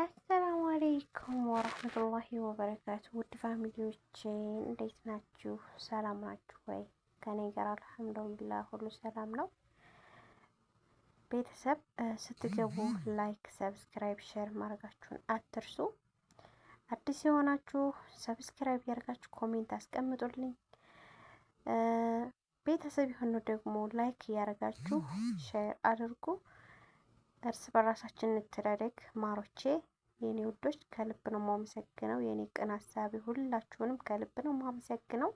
አሰላሙ አለይኩም ወራህመቱላሂ ወበረካቱ። ውድ ፋሚሊዎች እንዴት ናችሁ? ሰላም ናችሁ ወይ? ከኔ ጋር አልሐምዱሊላህ ሁሉ ሰላም ነው። ቤተሰብ ስትገቡ ላይክ፣ ሰብስክራይብ፣ ሼር ማድረጋችሁን አትርሱ። አዲስ የሆናችሁ ሰብስክራይብ ያደርጋችሁ ኮሜንት አስቀምጡልኝ። ቤተሰብ የሆነው ደግሞ ላይክ እያደረጋችሁ ሼር አድርጉ። እርስ በራሳችን እንተዳደግ። ማሮቼ የኔ ውዶች ከልብ ነው ማመሰግነው። የኔ ቅን ሀሳቢ ሁላችሁንም ከልብ ነው ማመሰግነው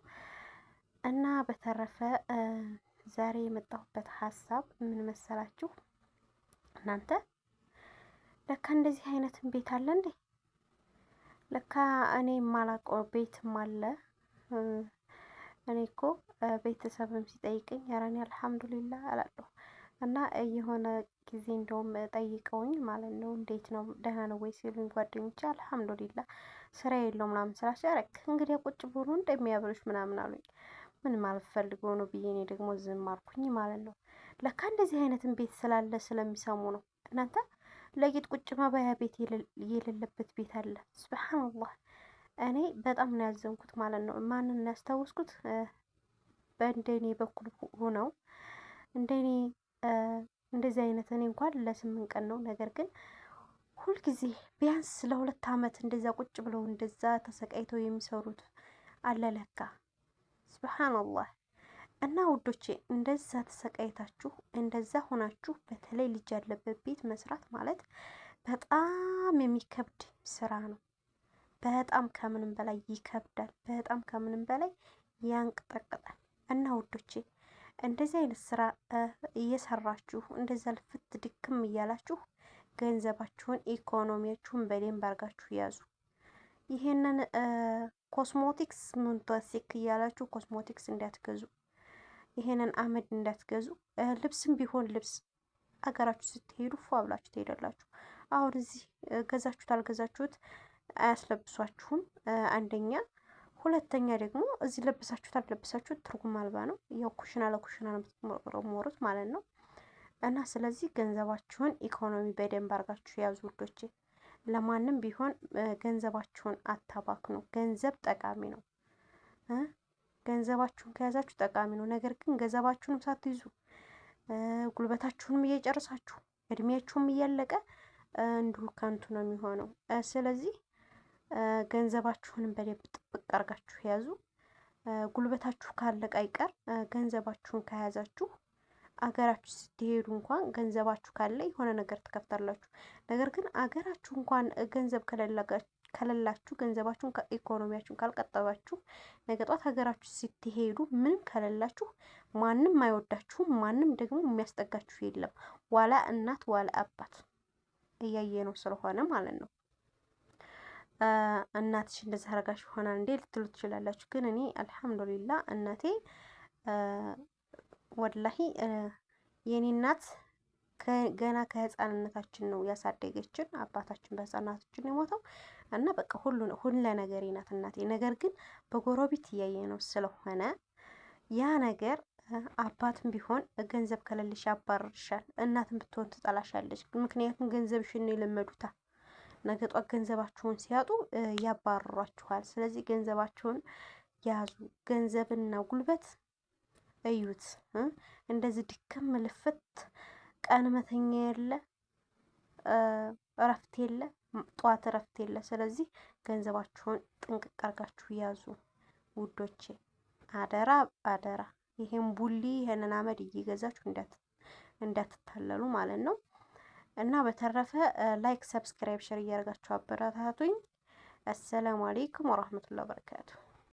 እና በተረፈ ዛሬ የመጣሁበት ሀሳብ ምን መሰላችሁ? እናንተ ለካ እንደዚህ አይነትም ቤት አለ እንዴ! ለካ እኔ የማላውቀው ቤትም አለ። እኔ እኮ ቤተሰብም ሲጠይቀኝ ኧረ እኔ አልሐምዱሊላህ አላለሁ እና የሆነ ጊዜ እንደውም ጠይቀውኝ ማለት ነው እንዴት ነው ደህና ነው ወይ ሲሉኝ ጓደኞቼ አልሐምዱሊላ ስራ የለው ምናምን ስራ ሲያረክ እንግዲህ ቁጭ ብሎ እንደሚያብርሽ ምናምን አሉኝ። ማለት ፈልገው ነው ብዬ እኔ ደግሞ ዝም አልኩኝ ማለት ነው። ለካ እንደዚህ አይነትን ቤት ስላለ ስለሚሰሙ ነው። እናንተ ለጌጥ ቁጭ ማባያ ቤት የሌለበት ቤት አለ። ስብሓንላህ እኔ በጣም ነው ያዘንኩት ማለት ነው። ማንን ያስታወስኩት በእንደኔ በኩል ሆነው እንደኔ እንደዚህ አይነት እኔ እንኳን ለስምንት ቀን ነው። ነገር ግን ሁልጊዜ ቢያንስ ለሁለት አመት እንደዛ ቁጭ ብለው እንደዛ ተሰቃይተው የሚሰሩት አለለካ ስብሓንላህ። እና ውዶቼ እንደዛ ተሰቃይታችሁ እንደዛ ሆናችሁ በተለይ ልጅ ያለበት ቤት መስራት ማለት በጣም የሚከብድ ስራ ነው። በጣም ከምንም በላይ ይከብዳል። በጣም ከምንም በላይ ያንቅጠቅጣል። እና ውዶቼ እንደዚህ አይነት ስራ እየሰራችሁ እንደዛ ልፍት ድክም እያላችሁ ገንዘባችሁን ኢኮኖሚያችሁን በደንብ አርጋችሁ ያዙ። ይሄንን ኮስሞቲክስ ምንቶሲክ እያላችሁ ኮስሞቲክስ እንዳትገዙ፣ ይሄንን አመድ እንዳትገዙ። ልብስም ቢሆን ልብስ አገራችሁ ስትሄዱ ፎ ብላችሁ ትሄዳላችሁ። አሁን እዚህ ገዛችሁት አልገዛችሁት አያስለብሷችሁም። አንደኛ ሁለተኛ ደግሞ እዚህ ለብሳችሁት አልለብሳችሁት ትርጉም አልባ ነው። ያው ኩሽና ለኩሽና ሞሩት ማለት ነው። እና ስለዚህ ገንዘባችሁን ኢኮኖሚ በደንብ አርጋችሁ ያዙ ውዶቼ። ለማንም ቢሆን ገንዘባችሁን አታባክኑ። ገንዘብ ጠቃሚ ነው። ገንዘባችሁን ከያዛችሁ ጠቃሚ ነው። ነገር ግን ገንዘባችሁንም ሳትይዙ ጉልበታችሁንም እየጨርሳችሁ እድሜያችሁም እያለቀ እንዲሁ ከንቱ ነው የሚሆነው። ስለዚህ ገንዘባችሁንም በደንብ ጥብቅ አድርጋችሁ ያዙ። ጉልበታችሁ ካለቀ አይቀር ገንዘባችሁን ከያዛችሁ አገራችሁ ስትሄዱ እንኳን ገንዘባችሁ ካለ የሆነ ነገር ትከፍታላችሁ። ነገር ግን አገራችሁ እንኳን ገንዘብ ከሌላችሁ ገንዘባችሁን ከኢኮኖሚያችሁን ካልቀጠባችሁ ነገ ጧት ሀገራችሁ ስትሄዱ ምንም ከሌላችሁ ማንም አይወዳችሁም። ማንም ደግሞ የሚያስጠጋችሁ የለም። ዋላ እናት ዋላ አባት እያየ ነው ስለሆነ ማለት ነው። እናትሽ እንደዚህ አረጋሽ ይሆናል እንዴ ልትሉ ትችላላችሁ። ግን እኔ አልሐምዱሊላ እናቴ ወላሂ የኔ እናት ገና ከህፃንነታችን ነው ያሳደገችን። አባታችን በህፃናቶችን ነው የሞተው እና በቃ ሁሉ ሁለ ነገር ናት እናቴ። ነገር ግን በጎረቤት እያየ ነው ስለሆነ ያ ነገር አባትም ቢሆን ገንዘብ ከሌለሽ ያባርርሻል፣ እናትም ብትሆን ትጠላሻለች። ምክንያቱም ገንዘብሽን ነው ነገ ጧት ገንዘባችሁን ሲያጡ ያባረሯችኋል። ስለዚህ ገንዘባችሁን ያዙ። ገንዘብና ጉልበት እዩት። እንደዚህ ድክም ልፍት ቀን መተኛ የለ እረፍት የለ ጠዋት እረፍት የለ። ስለዚህ ገንዘባችሁን ጥንቅቅ አርጋችሁ ያዙ ውዶቼ፣ አደራ አደራ። ይሄን ቡሊ ይሄንን አመድ እየገዛችሁ እንዳትታለሉ ማለት ነው። እና በተረፈ ላይክ፣ ሰብስክራይብ፣ ሼር እያደረጋችሁ አበረታቱኝ። አሰላሙ አሌይኩም ወራህመቱላሂ ወበረካቱሁ።